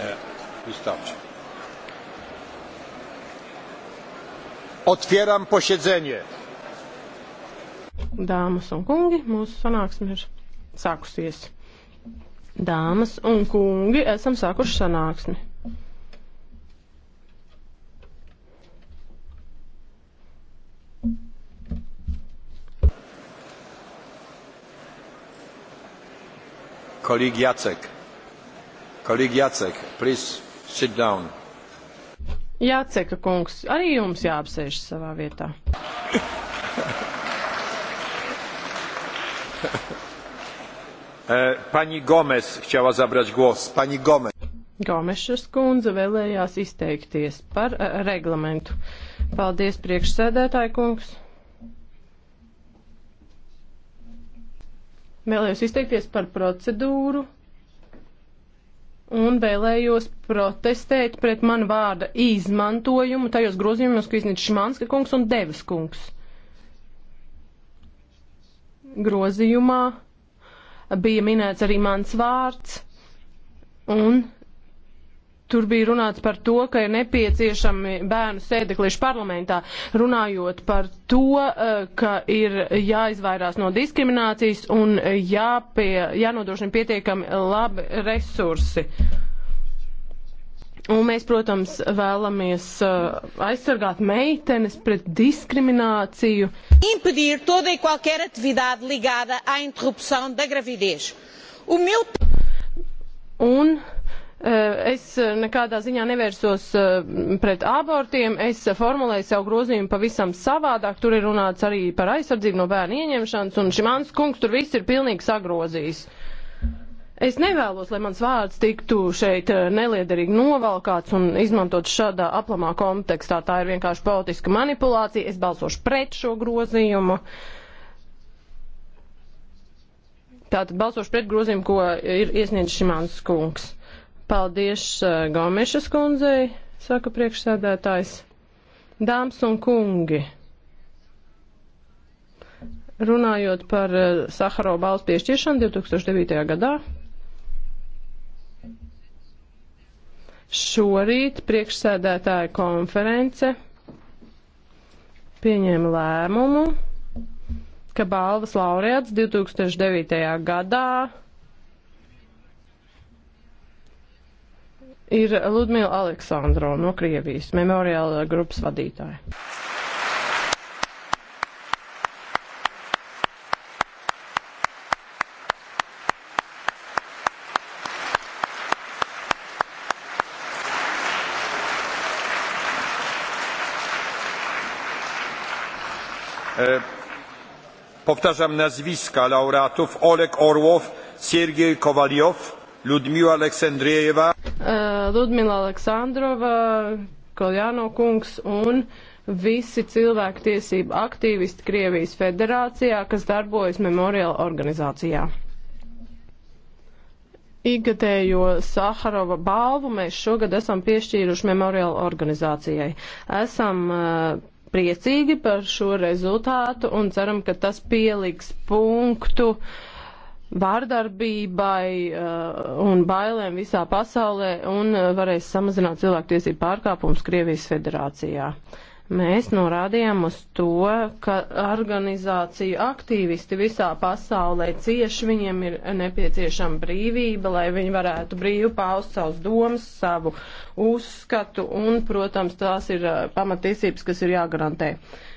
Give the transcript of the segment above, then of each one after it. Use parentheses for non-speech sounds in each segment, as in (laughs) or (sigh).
E, wystarczy. Otwieram posiedzenie. Dāmas un kungi, mūsu sanāksme ir sākusies. Dāmas un kungi, esam sākuši sanāksmi. Kolīgi Jacek. Kolīgi Jacek, please sit down. Jāceka kungs, arī jums jāapsēž savā vietā. (laughs) Eh, pani Gomes chciała zabrać głos. Pani Gomes. Gomešas kundze vēlējās izteikties par uh, reglamentu. Paldies, priekšsēdētāji kungs. Vēlējos izteikties par procedūru, un vēlējos protestēt pret manu vārda izmantojumu tajos grozījumos, ko izniedz Šmanska kungs un Devas kungs. Grozījumā bija minēts arī mans vārds un Tur bija runāts par to, ka ir nepieciešami bērnu sēdeklīši parlamentā, runājot par to, eh, ka ir jāizvairās no diskriminācijas un jāpie, jānodrošina pietiekami labi resursi. Un mēs, protams, vēlamies eh, aizsargāt meitenes pret diskrimināciju. Impedir toda e qualquer atividade ligada à interrupção da gravidez. O meu... Un Eh, es eh, nekādā ziņā nevērsos eh, pret abortiem, es formulēju savu grozījumu pavisam savādāk, tur ir runāts arī par aizsardzību no bērnu ieņemšanas, un šim mans kungs tur viss ir pilnīgi sagrozījis. Es nevēlos, lai mans vārds tiktu šeit neliederīgi novalkāts un izmantot šādā aplamā kontekstā. Tā ir vienkārši politiska manipulācija. Es balsošu pret šo grozījumu. Tātad balsošu pret grozījumu, ko ir iesniedzis Šimāns kungs. Paldies uh, Gomešas kundzei, saka priekšsēdētājs. Dāmas un kungi, runājot par uh, Saharo balvu piešķiršanu 2009. gadā, šorīt priekšsēdētāja konference pieņēma lēmumu, ka balvas laureāts 2009. gadā ir Ludmila Aleksandro no Krievijas, memoriāla grupas vadītāja. E, powtarzam nazwiska laureatów Oleg Orłow, Siergiej Kowaliow, Ludmila Aleksandrieva. Eh, Ludmila Aleksandrova, Kaljāno kungs un visi cilvēktiesību aktīvisti Krievijas federācijā, kas darbojas memoriāla organizācijā. Igadējo Saharova balvu mēs šogad esam piešķīruši memoriāla organizācijai. Esam uh, priecīgi par šo rezultātu un ceram, ka tas pieliks punktu uh, vārdarbībai uh, un bailēm visā pasaulē un uh, varēs samazināt cilvēktiesību pārkāpumus Krievijas federācijā. Mēs norādījām uz to, ka organizāciju aktīvisti visā pasaulē cieši viņiem ir nepieciešama brīvība, lai viņi varētu brīvi paust savus domas, savu uzskatu un, protams, tās ir uh, pamatiesības, kas ir jāgarantē. Uh,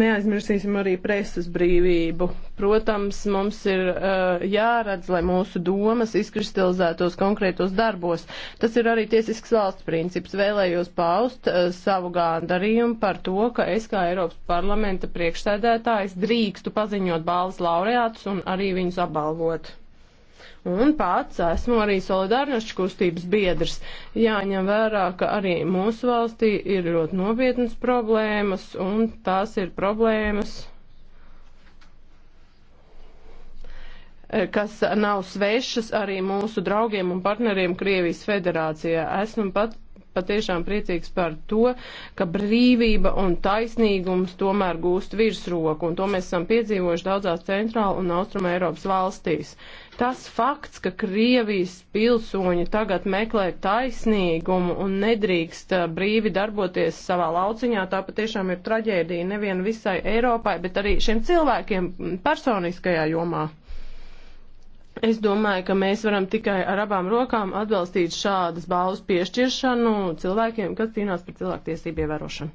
Neaizmirsīsim arī presas brīvību. Protams, mums ir uh, jāredz, lai mūsu domas izkristalizētos konkrētos darbos. Tas ir arī tiesisks valsts princips. Vēlējos paust uh, savu gāndarījumu par to, ka es kā Eiropas parlamenta priekšsēdētājs drīkstu paziņot balvas laureātus un arī viņus apbalvot. Un pats esmu arī solidārnošķu kustības biedrs. Jāņem vērā, ka arī mūsu valstī ir ļoti nopietnas problēmas, un tās ir problēmas, eh, kas nav svešas arī mūsu draugiem un partneriem Krievijas federācijā. Esmu pat patiešām priecīgs par to, ka brīvība un taisnīgums tomēr gūst virsroku, un to mēs esam piedzīvojuši daudzās centrāla un austruma Eiropas valstīs. Tas fakts, ka Krievijas pilsoņi tagad meklē taisnīgumu un nedrīkst uh, brīvi darboties savā lauciņā, tā patiešām ir traģēdija nevien visai Eiropai, bet arī šiem cilvēkiem personiskajā jomā. Es domāju, ka mēs varam tikai ar abām rokām atbalstīt šādas balvas piešķiršanu cilvēkiem, kas cīnās par cilvēktiesību ievērošanu.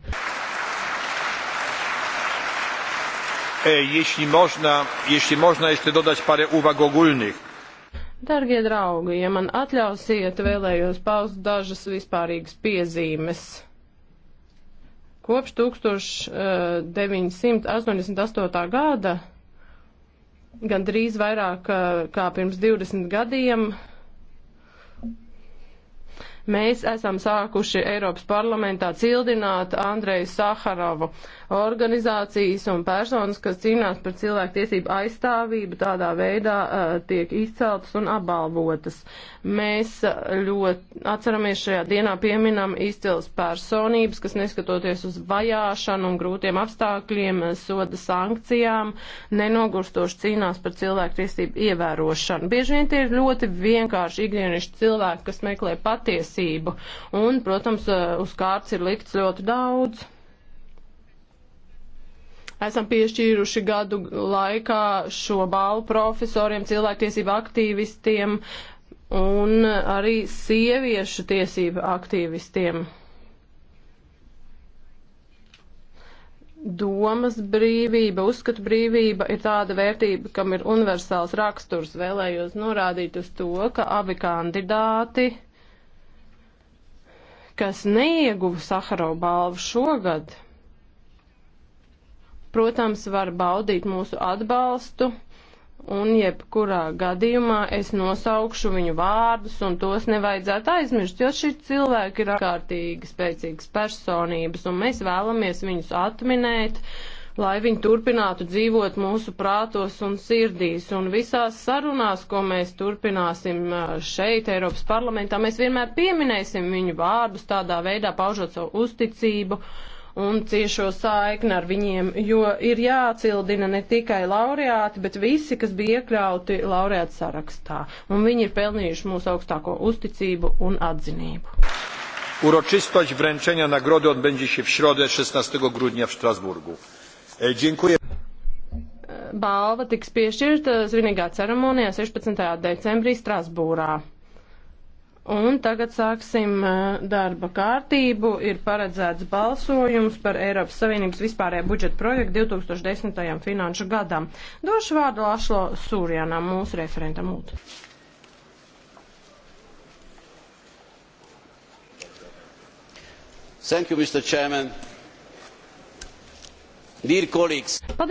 E, jeśli można, jeśli można jeszcze dodać parę uwag ogólnych. Dargie draugi, ja man atļausiet, vēlējos paust dažas vispārīgas piezīmes. Kopš 1988. E, gada gandrīz vairāk eh, kā pirms 20 gadiem Mēs esam sākuši Eiropas parlamentā cildināt Andreju Saharovu organizācijas un personas, kas cīnās par cilvēktiesību aizstāvību, tādā veidā uh, tiek izceltas un apbalvotas. Mēs eh, ļoti atceramies šajā dienā pieminam izcils personības, kas neskatoties uz vajāšanu un grūtiem apstākļiem, eh, soda sankcijām, nenogurstoši cīnās par cilvēktiesību ievērošanu. Bieži vien tie ir ļoti vienkārši ikdienišķi cilvēki, kas meklē patiesību tiesību. Un, protams, eh, uz kārts ir likts ļoti daudz. Esam piešķīruši gadu laikā šo balvu profesoriem, cilvēktiesību aktīvistiem un arī sieviešu tiesību aktīvistiem. domas brīvība, uzskatu brīvība ir tāda vērtība, kam ir universāls raksturs. Vēlējos norādīt uz to, ka abi kandidāti kas neieguva Saharov balvu šogad, protams, var baudīt mūsu atbalstu, un jebkurā gadījumā es nosaukšu viņu vārdus, un tos nevajadzētu aizmirst, jo šie cilvēki ir ārkārtīgi spēcīgas personības, un mēs vēlamies viņus atminēt. Uh, lai viņi turpinātu dzīvot mūsu prātos un sirdīs. Un visās sarunās, ko mēs turpināsim uh, šeit, Eiropas parlamentā, mēs vienmēr pieminēsim viņu vārdus, tādā veidā paužot savu uzticību un ciešo saikni ar viņiem, jo ir jācildina ne tikai laureāti, bet visi, kas bija iekļauti laureāta sarakstā. Un viņi ir pelnījuši mūsu augstāko uzticību un atzinību. Uroczystość wręczenia nagrody odbędzie się w środę 16 grudnia w Strasburgu. Eh, dziękuję. Balva tiks piešķirta svinīgā ceremonijā 16. decembrī Strasbūrā. Un tagad sāksim eh, darba kārtību. Ir paredzēts balsojums par Eiropas Savienības vispārējā budžeta projektu 2010. finanšu gadam. Došu vārdu Lašlo Sūrjanam, mūsu referentam. Lūdzu. Thank you, Mr. Chairman. Dear colleagues!